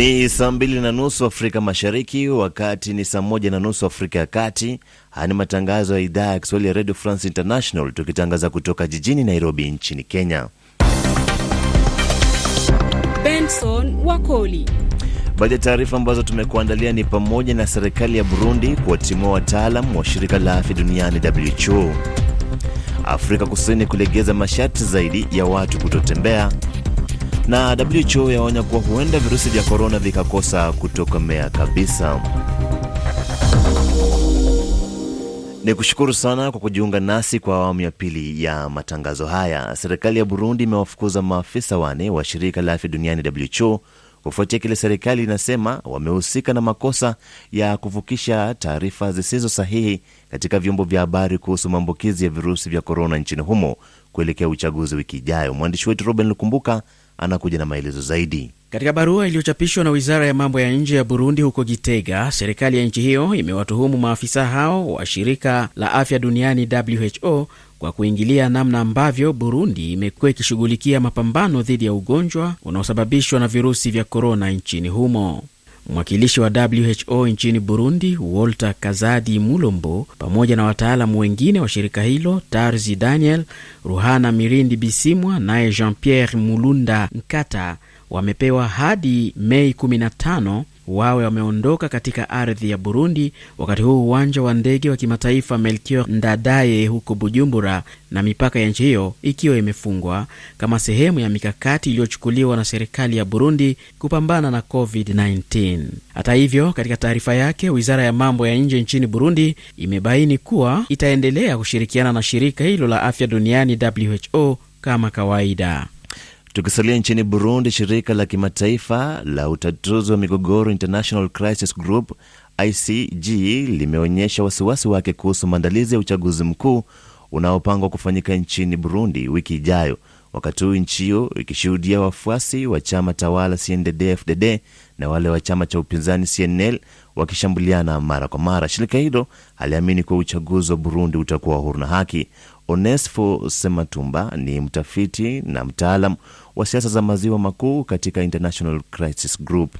Ni saa mbili na nusu Afrika Mashariki, wakati ni saa moja na nusu Afrika ya Kati. Haya ni matangazo ya idhaa ya Kiswahili ya Radio France International, tukitangaza kutoka jijini Nairobi nchini Kenya. Benson Wakoli. Baadhi ya taarifa ambazo tumekuandalia ni pamoja na serikali ya Burundi kuwatimua wataalam wa shirika la afya duniani WHO, Afrika Kusini kulegeza masharti zaidi ya watu kutotembea na WHO yaonya kuwa huenda virusi vya korona vikakosa kutokomea kabisa. Ni kushukuru sana kwa kujiunga nasi kwa awamu ya pili ya matangazo haya. Serikali ya Burundi imewafukuza maafisa wane wa shirika la afya duniani WHO kufuatia kile serikali inasema wamehusika na makosa ya kuvukisha taarifa zisizo sahihi katika vyombo vya habari kuhusu maambukizi ya virusi vya korona nchini humo kuelekea uchaguzi wiki ijayo. Mwandishi wetu Robin Lukumbuka anakuja na maelezo zaidi. Katika barua iliyochapishwa na wizara ya mambo ya nje ya Burundi huko Gitega, serikali ya nchi hiyo imewatuhumu maafisa hao wa shirika la afya duniani WHO kwa kuingilia namna ambavyo Burundi imekuwa ikishughulikia mapambano dhidi ya ugonjwa unaosababishwa na virusi vya korona nchini humo. Mwakilishi wa WHO nchini Burundi, Walter Kazadi Mulombo, pamoja na wataalamu wengine wa shirika hilo, Tarzi Daniel, Ruhana Mirindi Bisimwa naye Jean Pierre Mulunda Nkata wamepewa hadi Mei 15 wawe wameondoka katika ardhi ya Burundi, wakati huu uwanja wa ndege wa kimataifa Melchior Ndadaye huko Bujumbura na mipaka ya nchi hiyo ikiwa imefungwa kama sehemu ya mikakati iliyochukuliwa na serikali ya Burundi kupambana na COVID-19. Hata hivyo, katika taarifa yake, wizara ya mambo ya nje nchini Burundi imebaini kuwa itaendelea kushirikiana na shirika hilo la afya duniani WHO kama kawaida. Tukisalia nchini Burundi, shirika la kimataifa la utatuzi wa migogoro International Crisis Group ICG limeonyesha wasiwasi wake kuhusu maandalizi ya uchaguzi mkuu unaopangwa kufanyika nchini Burundi wiki ijayo, wakati huu nchi hiyo ikishuhudia wafuasi wa chama tawala CNDD-FDD na wale wa chama cha upinzani CNL wakishambuliana mara kwa mara. Shirika hilo haliamini kuwa uchaguzi wa Burundi utakuwa huru na haki. Onesfo Sematumba ni mtafiti na mtaalam wa siasa za maziwa makuu katika International Crisis Group.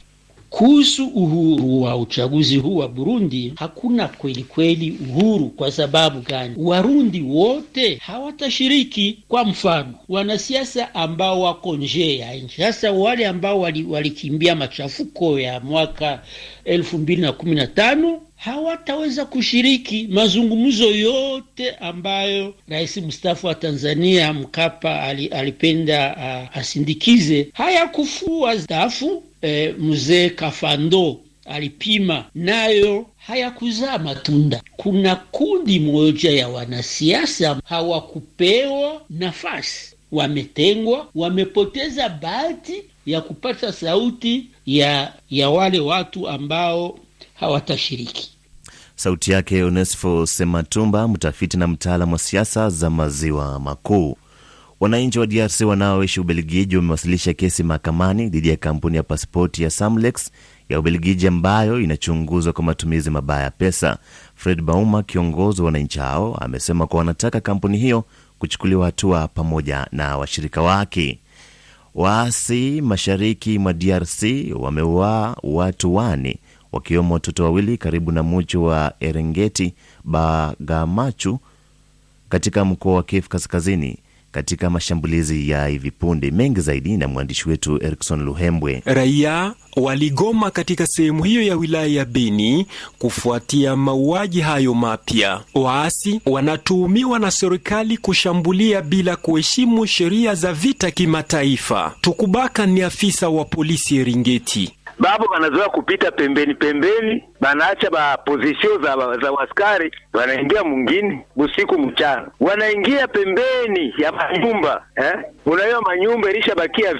Kuhusu uhuru wa uchaguzi huu wa Burundi, hakuna kweli kweli uhuru. Kwa sababu gani? Warundi wote hawatashiriki. Kwa mfano, wanasiasa ambao wako nje ya nchi, hasa wale ambao walikimbia wali machafuko ya mwaka elfu mbili na kumi na tano hawataweza kushiriki mazungumzo yote ambayo rais mstaafu wa Tanzania Mkapa alipenda asindikize. Hayakufua staafu e, mzee Kafando alipima nayo hayakuzaa matunda. Kuna kundi moja ya wanasiasa hawakupewa nafasi, wametengwa, wamepoteza bahati ya kupata sauti ya, ya wale watu ambao hawatashiriki. Sauti yake Onesfo Sematumba, mtafiti na mtaalamu wa siasa za maziwa makuu. Wananchi wa DRC wanaoishi Ubelgiji wamewasilisha kesi mahakamani dhidi ya kampuni ya pasipoti ya Samlex ya Ubelgiji ambayo inachunguzwa kwa matumizi mabaya ya pesa. Fred Bauma, kiongozi wa wananchi hao, amesema kuwa wanataka kampuni hiyo kuchukuliwa hatua pamoja na washirika wake. Waasi mashariki mwa DRC wameua watu wane wakiwemo watoto wawili karibu na muji wa Erengeti Bagamachu katika mkoa wa Kivu Kaskazini katika mashambulizi ya hivi punde. Mengi zaidi na mwandishi wetu Erikson Luhembwe. Raia waligoma katika sehemu hiyo ya wilaya ya Beni kufuatia mauaji hayo mapya. Waasi wanatuhumiwa na serikali kushambulia bila kuheshimu sheria za vita kimataifa. Tukubaka ni afisa wa polisi Eringeti babo wanazoea kupita pembeni pembeni, banaacha ba position za, za waskari, wanaingia mwingine busiku mchana, wanaingia pembeni ya manyumba eh? Unaiwa manyumba ilisha bakia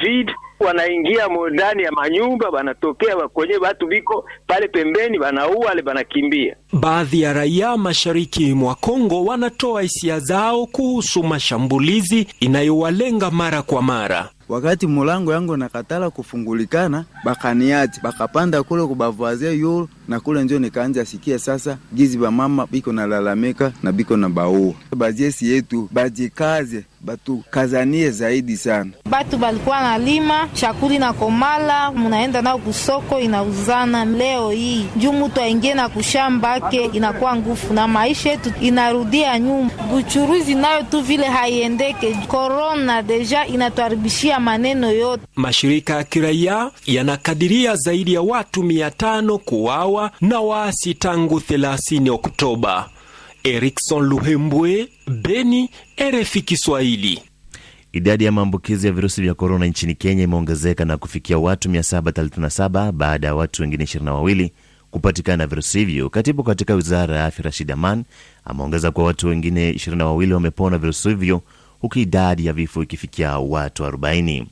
wanaingia ndani ya manyumba wanatokea kwenye watu biko pale pembeni, wanaua wale, wanakimbia. Baadhi ya raia mashariki mwa Kongo wanatoa hisia zao kuhusu mashambulizi inayowalenga mara kwa mara wakati mulango yangu nakatala kufungulikana, bakaniati bakapanda kule kubavwazia yulu na kule njo nikaanza sikia sasa gizi ba mama biko nalalamika na biko na baua bajesi yetu bajikaze batu kazanie zaidi sana. Batu balikuwa na lima chakuli na komala, munaenda nao kusoko inauzana. Leo hii juu mutu aingie na kushambake inakuwa ngufu na maisha yetu inarudia nyuma, buchuruzi nayo tu vile haiendeke. Korona deja inatuharibishia maneno yote. Mashirika ya kiraia yanakadiria zaidi ya watu mia tano kuwawa yaliyokuwa na waasi tangu 30 Oktoba. Erikson Luhembwe, Beni, RFI Kiswahili. Idadi ya maambukizi ya virusi vya korona nchini Kenya imeongezeka na kufikia watu 737 baada ya watu wengine 22 kupatikana na virusi hivyo. Katibu katika wizara ya afya Rashid Aman ameongeza kuwa watu wengine 22 wamepona virusi hivyo, huku idadi ya vifo ikifikia watu 40.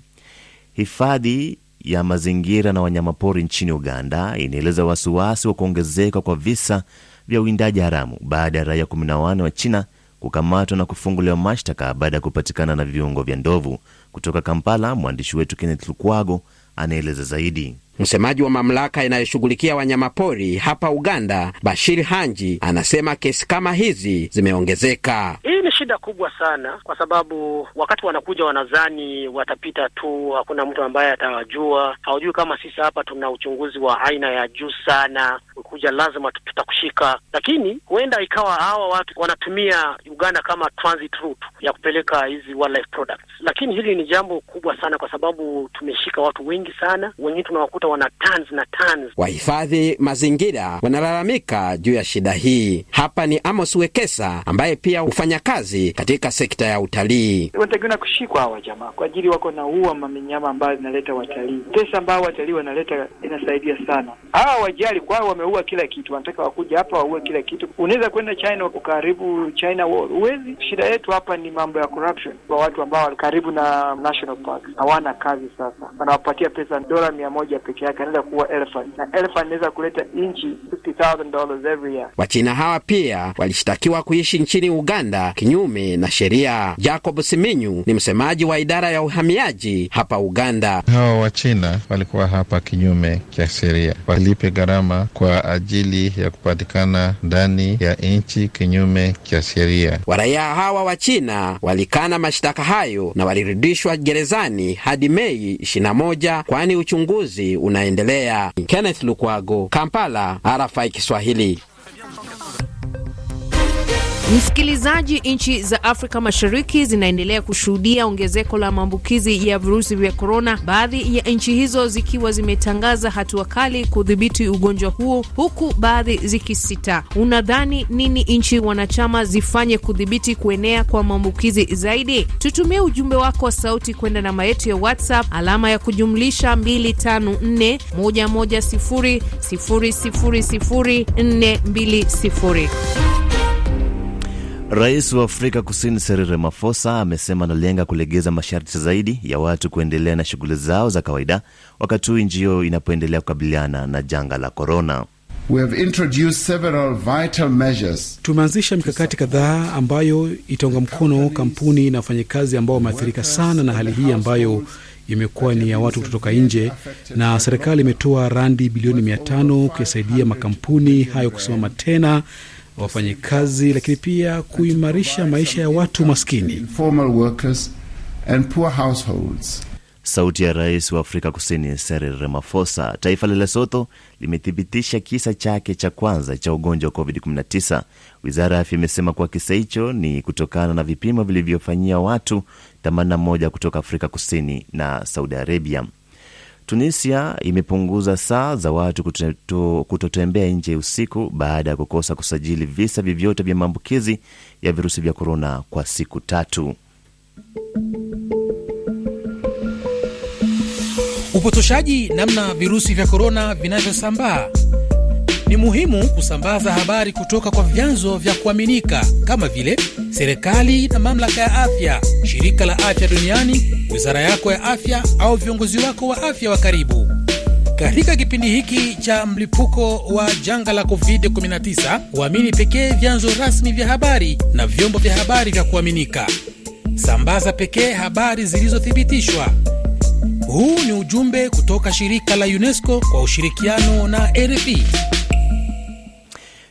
Hifadhi ya mazingira na wanyamapori nchini Uganda inaeleza wasiwasi wa kuongezeka kwa visa vya uwindaji haramu baada ya raia 14 wa China kukamatwa na kufunguliwa mashtaka baada ya kupatikana na viungo vya ndovu. Kutoka Kampala, mwandishi wetu Kenneth Lukwago anaeleza zaidi. Msemaji wa mamlaka inayoshughulikia wanyamapori hapa Uganda, Bashir Hanji, anasema kesi kama hizi zimeongezeka. Hii ni shida kubwa sana, kwa sababu wakati wanakuja wanadhani watapita tu, hakuna mtu ambaye atawajua. Hawajui kama sisi hapa tuna uchunguzi wa aina ya juu sana, kuja, lazima tutakushika. Lakini huenda ikawa hawa watu wanatumia Uganda kama transit route ya kupeleka hizi wildlife products, lakini hili ni jambo kubwa sana, kwa sababu tumeshika watu wengi sana, wengine tunawakuta wana tons na tons. Wahifadhi mazingira wanalalamika juu ya shida hii. Hapa ni Amos Wekesa ambaye pia hufanya kazi katika sekta ya utalii. Wanatakiwa kushikwa hawa jamaa kwa ajili wako na uwa mamenyama ambayo zinaleta watalii, pesa ambayo watalii wanaleta inasaidia sana hawa wajali kwao wame wameua kila kitu, wanataka wakuja hapa waue kila kitu. Unaweza kwenda China ukaharibu China Wall, huwezi. Shida yetu hapa ni mambo ya corruption kwa watu ambao wali karibu na national park hawana kazi. Sasa wanawapatia pesa dola mia moja peke yake, anaweza kuwa elephant na elephant inaweza kuleta nchi every year. Wachina hawa pia walishtakiwa kuishi nchini Uganda kinyume na sheria. Jacob Siminyu ni msemaji wa idara ya uhamiaji hapa Uganda. Hawa Wachina walikuwa hapa kinyume cha sheria, walipe gharama kwa ajili ya kupatikana ndani ya nchi kinyume cha sheria. Waraia hawa wa China walikana mashtaka hayo na walirudishwa gerezani hadi Mei 21 kwani uchunguzi unaendelea. Kenneth Lukwago, Kampala, RFI Kiswahili. Msikilizaji, nchi za Afrika Mashariki zinaendelea kushuhudia ongezeko la maambukizi ya virusi vya korona, baadhi ya nchi hizo zikiwa zimetangaza hatua kali kudhibiti ugonjwa huo, huku baadhi zikisita. Unadhani nini nchi wanachama zifanye kudhibiti kuenea kwa maambukizi zaidi? Tutumie ujumbe wako wa sauti kwenda namba yetu ya WhatsApp alama ya kujumlisha 254110000420. Rais wa Afrika Kusini Cyril Ramaphosa amesema analenga kulegeza masharti zaidi ya watu kuendelea na shughuli zao za kawaida wakati huu nchi hiyo inapoendelea kukabiliana na janga la korona. Tumeanzisha mikakati kadhaa ambayo itaunga mkono kampuni na wafanyakazi ambao wameathirika sana na hali hii ambayo imekuwa ni ya watu kutotoka nje, na serikali imetoa randi bilioni mia tano kuyasaidia makampuni hayo kusimama tena wafanyikazi, lakini pia kuimarisha maisha ya watu maskini. Sauti ya rais wa Afrika Kusini Cyril Ramaphosa. Taifa la Lesotho limethibitisha kisa chake cha kwanza cha ugonjwa wa COVID-19. Wizara ya afya imesema kuwa kisa hicho ni kutokana na vipimo vilivyofanyia watu 81 kutoka Afrika Kusini na Saudi Arabia. Tunisia imepunguza saa za watu kutotembea nje usiku baada ya kukosa kusajili visa vyovyote vya maambukizi ya virusi vya korona kwa siku tatu. Upotoshaji namna virusi vya korona vinavyosambaa ni muhimu kusambaza habari kutoka kwa vyanzo vya kuaminika kama vile serikali na mamlaka ya afya, shirika la afya duniani, wizara yako ya afya au viongozi wako wa afya wa karibu. Katika kipindi hiki cha mlipuko wa janga la COVID-19, waamini pekee vyanzo rasmi vya habari na vyombo vya habari vya kuaminika. Sambaza pekee habari zilizothibitishwa. Huu ni ujumbe kutoka shirika la UNESCO kwa ushirikiano na RFI.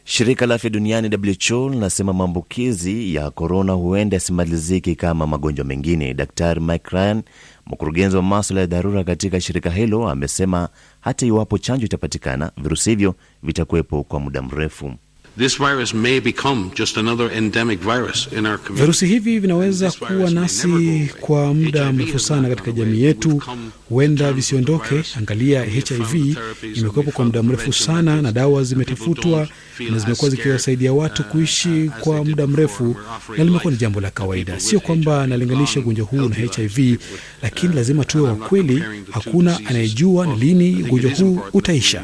Shirika la afya duniani WHO linasema maambukizi ya korona huenda yasimaliziki kama magonjwa mengine. Daktari Mike Ryan, mkurugenzi wa maswala ya dharura katika shirika hilo, amesema hata iwapo chanjo itapatikana, virusi hivyo vitakuwepo kwa muda mrefu. This virus may become just another endemic virus in our community. Virusi hivi vinaweza kuwa nasi kwa muda mrefu sana katika jamii yetu, huenda visiondoke. Angalia, HIV imekuwepo kwa muda mrefu sana na dawa zimetafutwa na zimekuwa zikiwasaidia watu uh, kuishi kwa muda mrefu, na limekuwa ni jambo la kawaida. Sio kwamba nalinganisha ugonjwa huu na HIV, lakini lazima tuwe wa kweli. Hakuna anayejua ni lini ugonjwa huu utaisha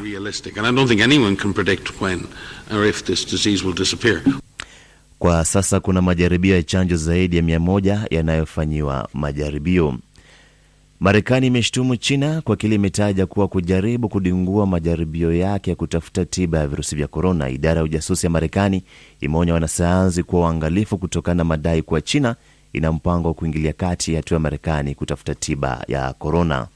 or if this disease will disappear. Kwa sasa kuna majaribio ya chanjo zaidi ya mia moja yanayofanyiwa majaribio. Marekani imeshtumu China kwa kile imetaja kuwa kujaribu kudingua majaribio yake ya kutafuta tiba ya virusi vya korona. Idara ya ujasusi ya Marekani imeonya wanasayansi kuwa waangalifu kutokana na madai kuwa China ina mpango wa kuingilia kati hatua ya Marekani kutafuta tiba ya korona.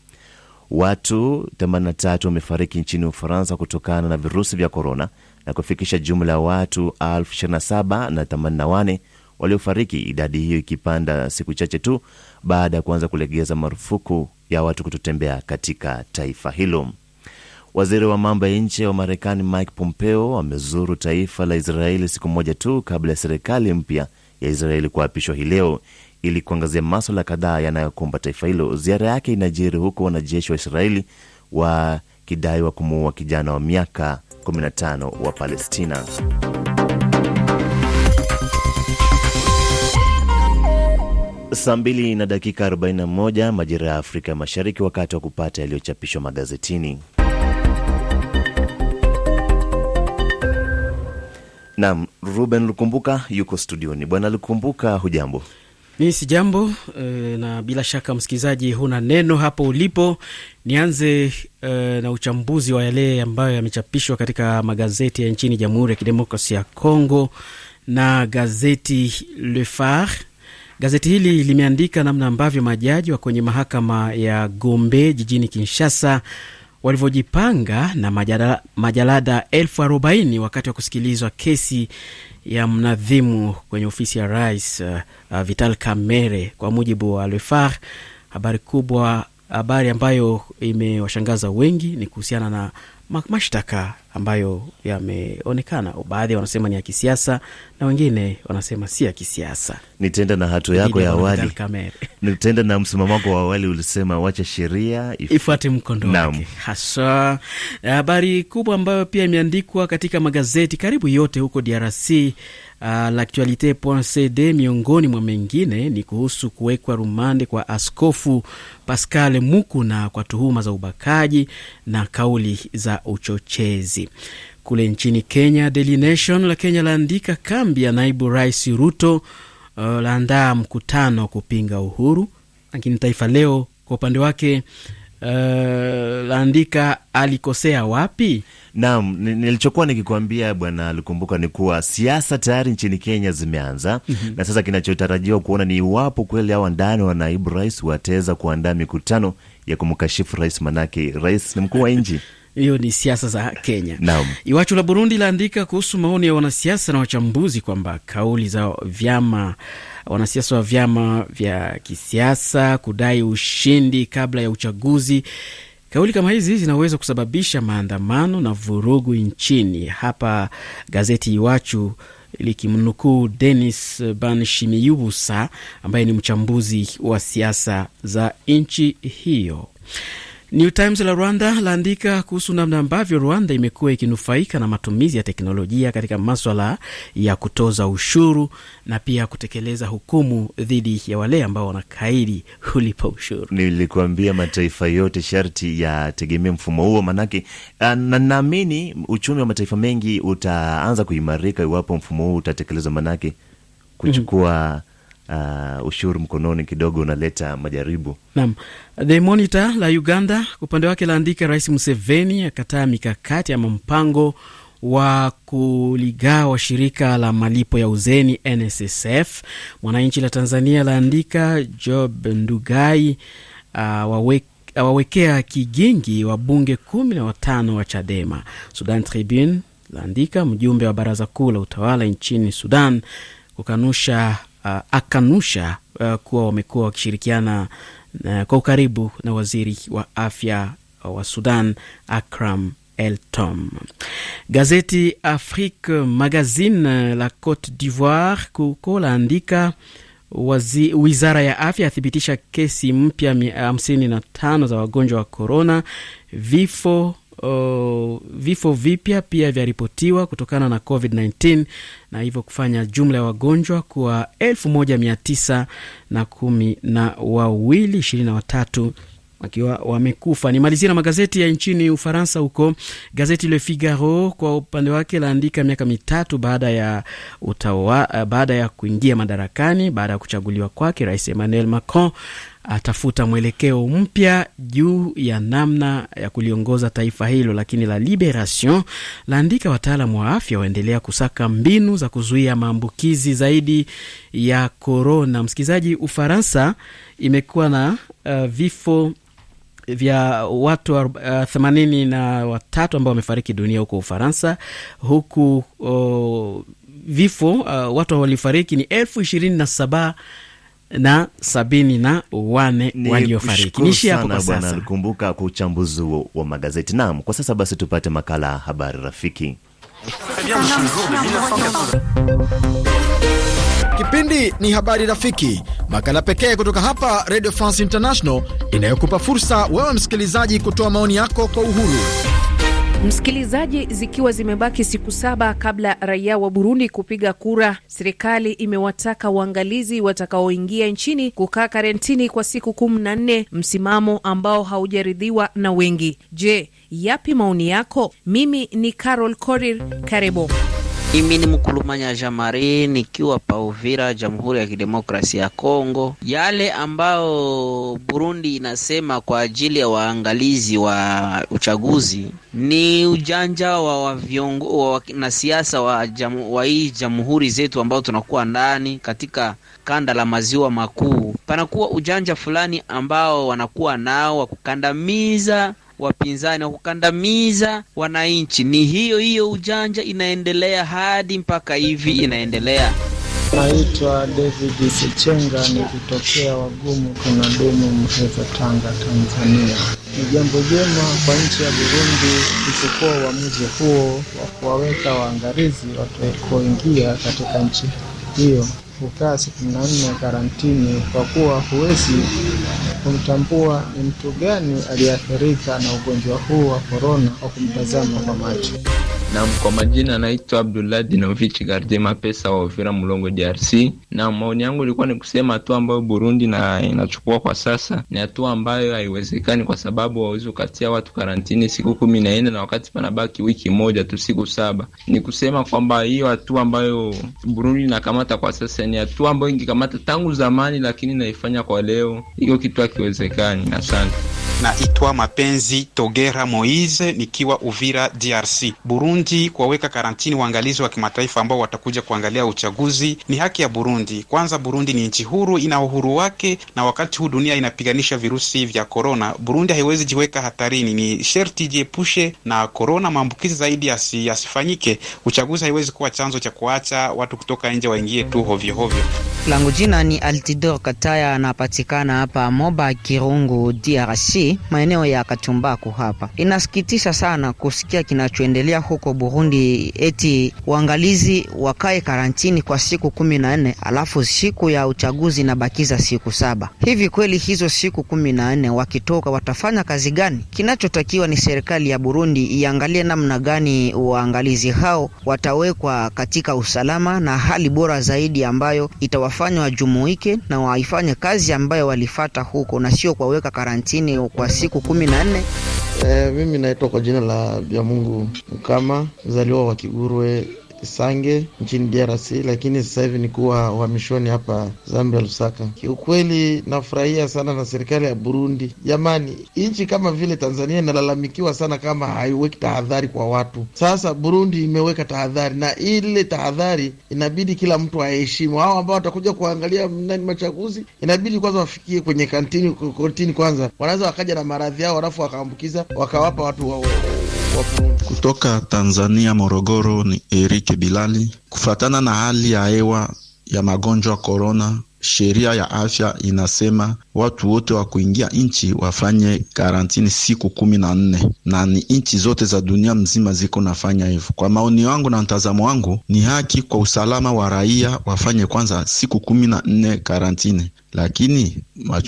Watu 83 wamefariki nchini Ufaransa kutokana na virusi vya korona na kufikisha jumla ya watu 27,084 waliofariki, idadi hiyo ikipanda siku chache tu baada ya kuanza kulegeza marufuku ya watu kutotembea katika taifa hilo. Waziri wa mambo ya nje wa Marekani Mike Pompeo amezuru taifa la Israeli siku moja tu kabla ya serikali mpya ya Israeli kuapishwa hii leo ili kuangazia maswala kadhaa yanayokumba taifa hilo. Ziara yake inajiri huku wanajeshi wa Israeli wa kidaiwa kumuua kijana wa miaka 15 wa Palestina. Saa 2 na dakika 41 majira ya Afrika Mashariki, wakati wa kupata yaliyochapishwa magazetini. Naam, Ruben Lukumbuka yuko studioni. Bwana Lukumbuka, hujambo? Ni si jambo e, na bila shaka msikilizaji, huna neno hapo ulipo. Nianze e, na uchambuzi wa yale ambayo yamechapishwa katika magazeti ya nchini Jamhuri ya Kidemokrasia ya Kongo na gazeti Le far Gazeti hili limeandika namna ambavyo majaji wa kwenye mahakama ya Gombe jijini Kinshasa walivyojipanga na majalada 40 wakati wa kusikilizwa kesi ya mnadhimu kwenye ofisi ya rais uh, uh, Vital Kamerhe kwa mujibu wa Le Phare. Habari kubwa, habari ambayo imewashangaza wengi ni kuhusiana na mashtaka ambayo yameonekana, baadhi wanasema ni ya kisiasa na wengine wanasema si ya kisiasa. Nitaenda na hatua yako ya awali, nitaenda na msimamo wako wa awali. Ulisema wacha sheria if... ifuate mkondo wake haswa. Habari kubwa ambayo pia imeandikwa katika magazeti karibu yote huko DRC Uh, L'actualite.cd miongoni mwa mengine ni kuhusu kuwekwa rumande kwa Askofu Pascal Mukuna kwa tuhuma za ubakaji na kauli za uchochezi. Kule nchini Kenya, Daily Nation la Kenya laandika kambi ya naibu rais Ruto uh, laandaa mkutano kupinga uhuru, lakini Taifa Leo kwa upande wake Uh, laandika alikosea wapi? Naam, nilichokuwa nikikuambia bwana alikumbuka ni kuwa siasa tayari nchini Kenya zimeanza mm -hmm. Na sasa kinachotarajiwa kuona ni iwapo kweli hawa ndani wa naibu rais wataweza kuandaa mikutano ya kumkashifu rais, manake rais ni mkuu wa nchi hiyo ni siasa za Kenya. Naam. Iwachu la Burundi laandika kuhusu maoni ya wanasiasa na wachambuzi kwamba kauli za vyama wanasiasa wa vyama vya kisiasa kudai ushindi kabla ya uchaguzi Kauli kama hizi zinaweza kusababisha maandamano na vurugu nchini. Hapa gazeti Iwachu likimnukuu Denis Banshimiyubusa ambaye ni mchambuzi wa siasa za nchi hiyo. New Times la Rwanda laandika kuhusu namna ambavyo Rwanda imekuwa ikinufaika na matumizi ya teknolojia katika maswala ya kutoza ushuru na pia kutekeleza hukumu dhidi ya wale ambao wanakaidi ulipo ushuru. Nilikuambia mataifa yote sharti yategemee mfumo huo, manake ah, na naamini uchumi wa mataifa mengi utaanza kuimarika iwapo mfumo huo utatekelezwa, manake kuchukua mm -hmm uh, ushuru mkononi kidogo unaleta majaribu. Naam. The Monitor la Uganda kwa upande wake laandika, Rais Museveni akataa mikakati ama mpango wa kuligawa shirika la malipo ya uzeni NSSF. Mwananchi la Tanzania laandika, Job Ndugai uh, wawek awawekea kigingi wa bunge kumi na watano wa Chadema. Sudan Tribune laandika mjumbe wa baraza kuu la utawala nchini Sudan kukanusha uh, akanusha uh, kuwa wamekuwa wakishirikiana uh, kwa ukaribu na waziri wa afya wa Sudan Akram eltom Gazeti Afrique Magazine uh, la Cote d'Ivoire kuko laandika Wazi, wizara ya afya athibitisha kesi mpya 55 za wagonjwa wa korona, vifo vifo vipya pia vyaripotiwa kutokana na COVID-19 na hivyo kufanya jumla ya wagonjwa kuwa 1910 na wawili 23 wakiwa wamekufa. malizia na magazeti ya nchini Ufaransa. Huko gazeti Le Figaro kwa upande wake laandika miaka mitatu baada ya utawa, baada ya kuingia madarakani, baada ya kuchaguliwa kwake Rais Emmanuel Macron atafuta mwelekeo mpya juu ya namna ya kuliongoza taifa hilo. Lakini la Liberation laandika wataalamu wa afya waendelea kusaka mbinu za kuzuia maambukizi zaidi ya korona. Msikilizaji, Ufaransa imekuwa na uh, vifo vya watu uh, themanini uh, na watatu ambao wamefariki dunia huko Ufaransa, huku uh, vifo uh, watu waliofariki ni elfu ishirini na saba na sabini na wane waliofariki. Nishi hapo kwa sasa, kumbuka kwa uchambuzi wa magazeti. Naam, kwa sasa basi tupate makala ya habari rafiki. Kipindi ni habari rafiki, makala pekee kutoka hapa Radio France International inayokupa fursa wewe msikilizaji kutoa maoni yako kwa uhuru. Msikilizaji, zikiwa zimebaki siku saba kabla raia wa Burundi kupiga kura, serikali imewataka waangalizi watakaoingia nchini kukaa karantini kwa siku kumi na nne, msimamo ambao haujaridhiwa na wengi. Je, yapi maoni yako? Mimi ni Carol Korir, karibu. Mimi ni Mkulumanya Jamari nikiwa Pauvira, Jamhuri ya Kidemokrasia ya Kongo. Yale ambao Burundi inasema kwa ajili ya waangalizi wa uchaguzi ni ujanja wa viongo, wa, wa, jam, wa hii jamhuri zetu ambao tunakuwa ndani katika kanda la maziwa makuu, panakuwa ujanja fulani ambao wanakuwa nao wa kukandamiza wapinzani na kukandamiza wananchi. Ni hiyo hiyo ujanja inaendelea hadi mpaka hivi inaendelea. Naitwa David Sichenga, ni kutokea Wagumu Tunadumu, mheza Tanga, Tanzania. Ni jambo jema kwa nchi ya Burundi kuchukua uamuzi huo wa kuwaweka waangalizi watakaoingia katika nchi hiyo kukaa siku nne karantini kwa kuwa huwezi kumtambua ni mtu gani aliyeathirika na ugonjwa huu wa korona kwa kumtazama kwa macho. Nam, kwa majina anaitwa Abdullah Dinovich Gardie Mapesa wa Uvira Mulongo, DRC. Na maoni yangu ilikuwa ni kusema hatua ambayo Burundi na inachukua kwa sasa ni hatua ambayo haiwezekani, kwa sababu wawezi ukatia watu karantini siku kumi na nne na wakati panabaki wiki moja tu, siku saba. Ni kusema kwamba hiyo hatua ambayo Burundi inakamata kwa sasa ni hatua ambayo ingikamata tangu zamani, lakini naifanya kwa leo. Hiyo kitu hakiwezekani. Asante. Naitwa Mapenzi Togera Moise nikiwa Uvira, DRC. Burundi kuwaweka karantini waangalizi wa kimataifa ambao watakuja kuangalia uchaguzi ni haki ya Burundi. Kwanza, Burundi ni nchi huru, ina uhuru wake, na wakati huu dunia inapiganisha virusi vya korona, Burundi haiwezi jiweka hatarini. Ni sherti jiepushe na korona, maambukizi zaidi yasifanyike. uchaguzi haiwezi kuwa chanzo cha kuacha watu kutoka nje waingie tu hovyohovyo. Langu jina ni Altidor Kataya, anapatikana hapa Moba Kirungu, DRC hii maeneo ya Katumbaku hapa. Inasikitisha sana kusikia kinachoendelea huko Burundi, eti waangalizi wakae karantini kwa siku kumi na nne alafu siku ya uchaguzi inabakiza siku saba. Hivi kweli hizo siku kumi na nne wakitoka watafanya kazi gani? Kinachotakiwa ni serikali ya Burundi iangalie namna gani waangalizi hao watawekwa katika usalama na hali bora zaidi ambayo itawafanya wajumuike na waifanye kazi ambayo walifata huko na sio kuwaweka karantini kwa siku kumi na nne. E, mimi naitwa kwa jina la vya Mungu Mkama, mzaliwa wa Kigurwe Sange nchini DRC, lakini sasa hivi ni kuwa uhamishoni hapa Zambia, Lusaka. Kiukweli nafurahia sana na serikali ya Burundi. Jamani, nchi kama vile Tanzania inalalamikiwa sana kama haiweki tahadhari kwa watu. Sasa Burundi imeweka tahadhari, na ile tahadhari inabidi kila mtu aheshimu. Hao ambao watakuja kuangalia nani machaguzi, inabidi kwanza wafikie kwenye kantini, kantini kwanza, wanaweza wakaja na maradhi yao, halafu wakaambukiza wakawapa watu wao. Kutoka Tanzania, Morogoro, ni Erike Bilali. Kufatana na hali ya hewa ya magonjwa corona sheria ya afya inasema watu wote wa kuingia nchi wafanye karantini siku kumi na nne na ni nchi zote za dunia mzima ziko nafanya hivyo. Kwa maoni wangu na mtazamo wangu, ni haki kwa usalama wa raia wafanye kwanza siku kumi na nne karantini, lakini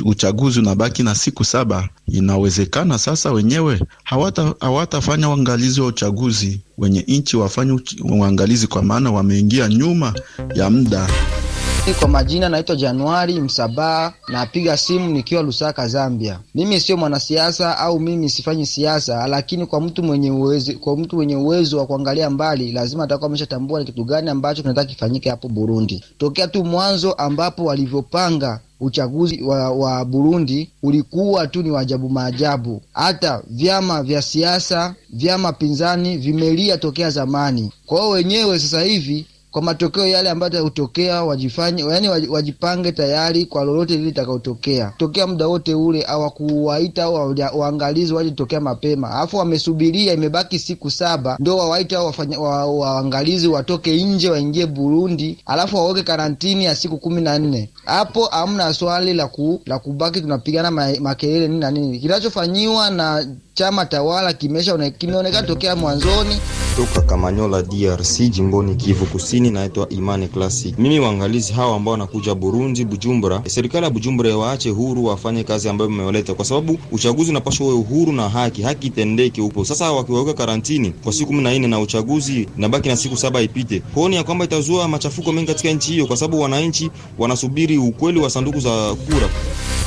uchaguzi unabaki na siku saba. Inawezekana sasa wenyewe hawata hawatafanya uangalizi wa uchaguzi, wenye nchi wafanye uangalizi, kwa maana wameingia nyuma ya muda. Kwa majina naitwa Januari Msabaha, napiga simu nikiwa Lusaka, Zambia. Mimi sio mwanasiasa au mimi sifanyi siasa, lakini kwa mtu mwenye uwezo, kwa mtu mwenye uwezo wa kuangalia mbali lazima atakuwa ameshatambua ni kitu gani ambacho kinataka kifanyike hapo Burundi. Tokea tu mwanzo ambapo walivyopanga uchaguzi wa, wa Burundi ulikuwa tu ni wajabu maajabu. Hata vyama vya siasa, vyama pinzani vimelia tokea zamani kwao wenyewe, sasa hivi kwa matokeo yale ambayo yatakayotokea, wajifanye yani wajipange tayari kwa lolote lile litakayotokea tokea muda wote ule, hawakuwaita au waangalizi waje tokea mapema, alafu wamesubiria, imebaki siku saba ndo wawaita au waangalizi watoke nje waingie Burundi, alafu waweke karantini ya siku kumi na nne. Hapo hamna swali la ku, la kubaki tunapigana makelele nini na nini kinachofanyiwa na chama tawala kimesha kimeonekana tokea mwanzoni. Toka Kamanyola, DRC, jimboni Kivu Kusini, naitwa Imani Classic. Mimi waangalizi hawa ambao wanakuja Burundi, Bujumbura, serikali ya Bujumbura waache huru, wafanye kazi ambayo mmewaleta, kwa sababu uchaguzi unapaswa uwe uhuru na haki, haki itendeke huko. Sasa wakiwaweka karantini kwa siku kumi na nne na uchaguzi nabaki na siku saba ipite, huoni ya kwamba itazua machafuko mengi katika nchi hiyo, kwa sababu wananchi wanasubiri ukweli wa sanduku za kura.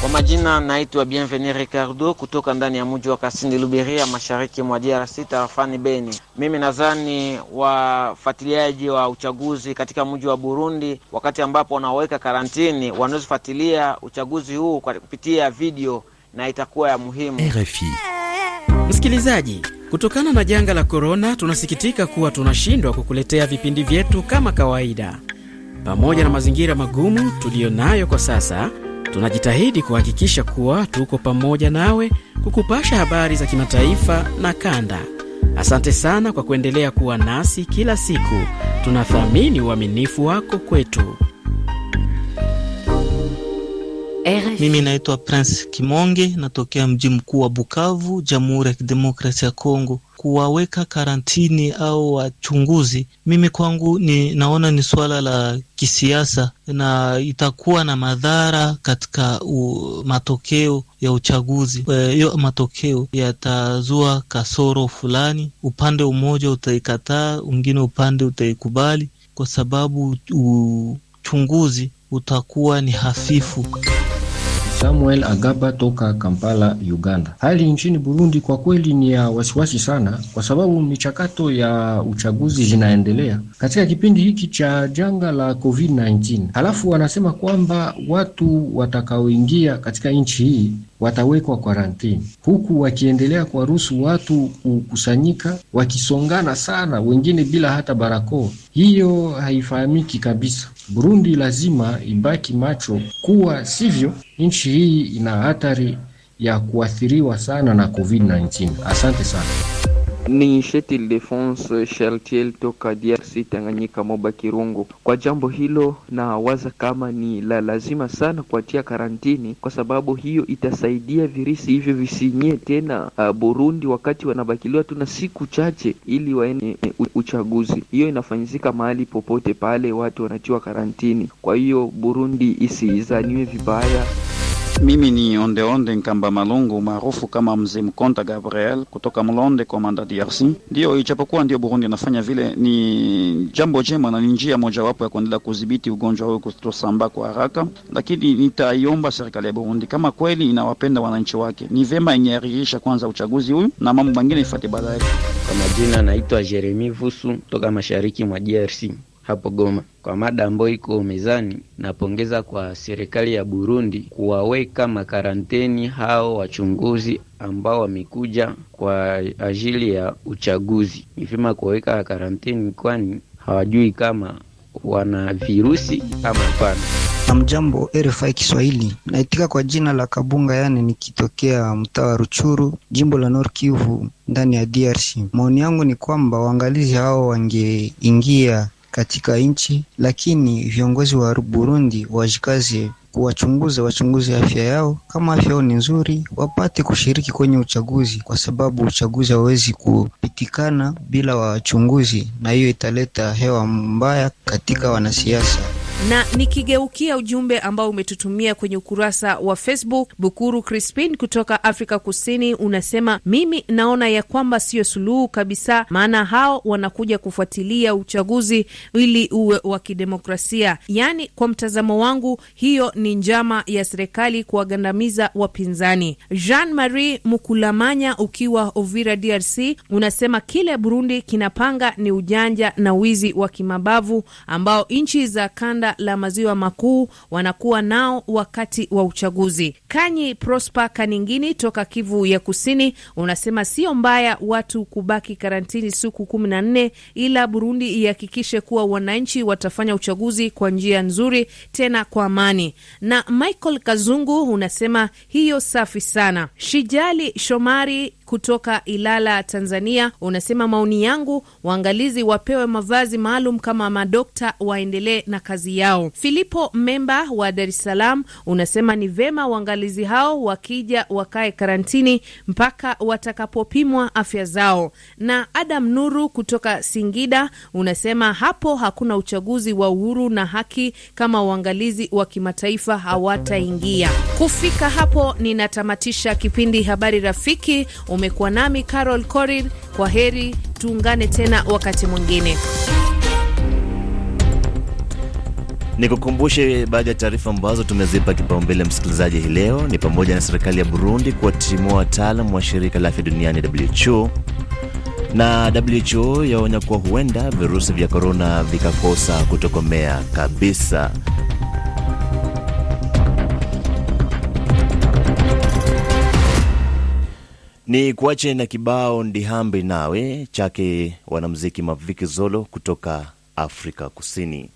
Kwa majina naitwa Bienvenu Ricardo kutoka ndani ya mji wa Kasindi Luberia, mashariki mwa DRC, tarafani Beni. Mimi nadhani wafuatiliaji wa uchaguzi katika mji wa Burundi, wakati ambapo wanaoweka karantini, wanaofuatilia uchaguzi huu kwa kupitia video na itakuwa ya muhimu. RFI. Msikilizaji, kutokana na janga la korona, tunasikitika kuwa tunashindwa kukuletea vipindi vyetu kama kawaida. Pamoja na mazingira magumu tuliyo nayo kwa sasa Tunajitahidi kuhakikisha kuwa tuko pamoja nawe kukupasha habari za kimataifa na kanda. Asante sana kwa kuendelea kuwa nasi kila siku. Tunathamini uaminifu wako kwetu. RF. Mimi naitwa Prince Kimonge, natokea mji mkuu wa Bukavu, Jamhuri ya Kidemokrasia ya Kongo. Kuwaweka karantini au wachunguzi, mimi kwangu ni naona ni suala la kisiasa na itakuwa na madhara katika u, matokeo ya uchaguzi. E, hiyo matokeo yatazua kasoro fulani, upande umoja utaikataa, wengine upande utaikubali, kwa sababu uchunguzi utakuwa ni hafifu. Samuel Agaba toka Kampala, Uganda. Hali nchini Burundi kwa kweli ni ya wasiwasi sana, kwa sababu michakato ya uchaguzi zinaendelea katika kipindi hiki cha janga la COVID-19. Halafu wanasema kwamba watu watakaoingia katika nchi hii watawekwa kwarantini, huku wakiendelea kuwaruhusu watu kukusanyika wakisongana sana, wengine bila hata barakoa. Hiyo haifahamiki kabisa. Burundi lazima ibaki macho, kuwa sivyo nchi hii ina hatari ya kuathiriwa sana na COVID-19. Asante sana. Ni sheti Defense Shaltiel toka DRC Tanganyika, Moba Kirungu. Kwa jambo hilo, na waza kama ni la lazima sana kuatia karantini, kwa sababu hiyo itasaidia virusi hivyo visinyie tena uh, Burundi wakati wanabakiliwa tu na siku chache ili waende eh, uchaguzi. Hiyo inafanyika mahali popote pale, watu wanatiwa karantini. Kwa hiyo Burundi isizaniwe vibaya. Mimi ni Ondeonde Nkamba Malungu maarufu kama Mzee Mkonta Gabriel kutoka Mlonde Komanda, DRC. Ndiyo, ijapokuwa ndio Burundi anafanya vile, ni jambo jema na ni njia mojawapo ya kuendelea kudhibiti ugonjwa huyo kutosambaa kwa haraka, lakini nitaiomba serikali ya Burundi kama kweli inawapenda wananchi wake, ni vyema inyeahirisha kwanza uchaguzi huyu na mambo mengine ifate baadaye. Kwa majina anaitwa Jeremi Vusu kutoka mashariki mwa DRC hapo Goma. Kwa mada ambayo iko mezani, napongeza kwa serikali ya Burundi kuwaweka makaranteni hao wachunguzi ambao wamekuja kwa ajili ya uchaguzi. Ni vyema kuwaweka karanteni, kwani hawajui kama wana virusi ama hapana. Mjambo RFI Kiswahili, naitika kwa jina la Kabunga, yani nikitokea mtaa wa Ruchuru, jimbo la nord Kivu ndani ya DRC. Maoni yangu ni kwamba waangalizi hao wangeingia katika nchi, lakini viongozi wa Burundi wajikaze kuwachunguza wachunguze afya yao. Kama afya yao ni nzuri, wapate kushiriki kwenye uchaguzi, kwa sababu uchaguzi hawezi kupitikana bila wachunguzi, na hiyo italeta hewa mbaya katika wanasiasa. Na nikigeukia ujumbe ambao umetutumia kwenye ukurasa wa Facebook, Bukuru Crispin kutoka Afrika Kusini unasema, mimi naona ya kwamba siyo suluhu kabisa, maana hao wanakuja kufuatilia uchaguzi ili uwe wa kidemokrasia. Yaani, kwa mtazamo wangu, hiyo ni njama ya serikali kuwagandamiza wapinzani. Jean Marie Mukulamanya ukiwa Uvira, DRC unasema kile Burundi kinapanga ni ujanja na wizi wa kimabavu ambao nchi za kanda la maziwa makuu wanakuwa nao wakati wa uchaguzi. Kanyi Prosper Kaningini toka Kivu ya Kusini unasema sio mbaya watu kubaki karantini siku kumi na nne, ila Burundi ihakikishe kuwa wananchi watafanya uchaguzi kwa njia nzuri, tena kwa amani. Na Michael Kazungu unasema hiyo safi sana. Shijali Shomari kutoka Ilala, Tanzania, unasema maoni yangu, waangalizi wapewe mavazi maalum kama madokta, waendelee na kazi yao. Filipo Memba wa Dar es Salaam unasema ni vema waangalizi hao wakija wakae karantini mpaka watakapopimwa afya zao. Na Adam Nuru kutoka Singida unasema hapo hakuna uchaguzi wa uhuru na haki kama waangalizi wa kimataifa hawataingia. Kufika hapo ninatamatisha kipindi Habari Rafiki um Umekuwa nami Carol Korir, kwa heri, tuungane tena wakati mwingine. Nikukumbushe baadhi ya taarifa ambazo tumezipa kipaumbele msikilizaji hii leo ni pamoja na serikali ya Burundi kuwatimua wataalam wa shirika la afya duniani WHO na WHO yaonya kuwa huenda virusi vya korona vikakosa kutokomea kabisa. Ni kuache na kibao ndihambe nawe chake wanamziki Maviki Zolo kutoka Afrika Kusini.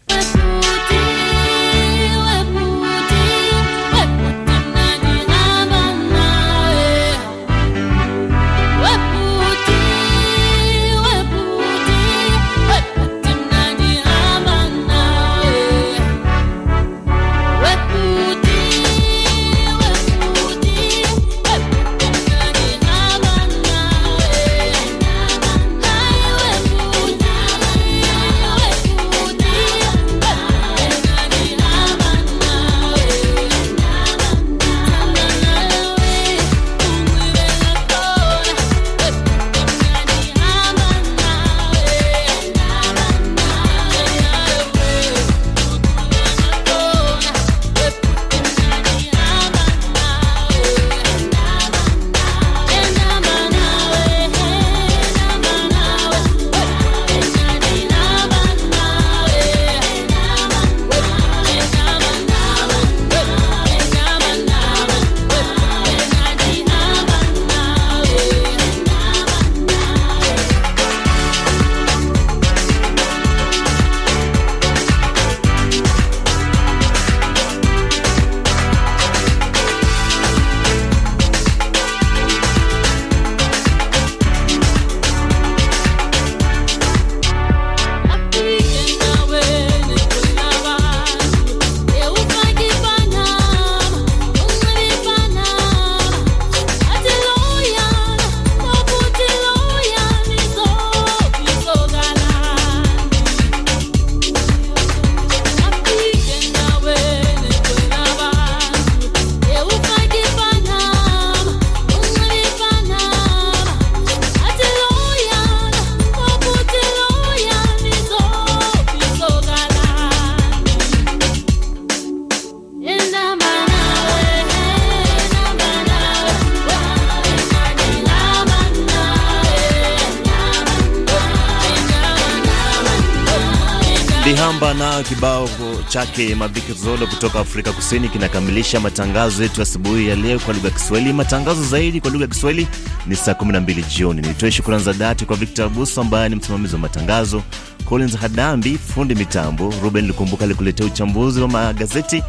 Samba na kibao chake Mabiki Zolo kutoka Afrika Kusini kinakamilisha matangazo yetu asubuhi ya leo kwa lugha ya Kiswahili. Matangazo zaidi kwa lugha ya Kiswahili ni saa 12 jioni. Nitoe shukrani za dhati kwa Victor Abuso ambaye ni msimamizi wa matangazo, Collins Hadambi fundi mitambo, Ruben Likumbuka alikuletea uchambuzi wa magazeti.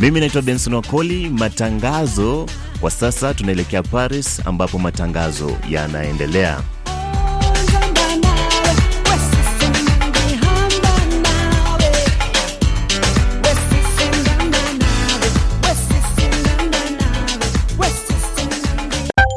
Mimi naitwa Benson Wakoli. Matangazo kwa sasa tunaelekea Paris ambapo matangazo yanaendelea.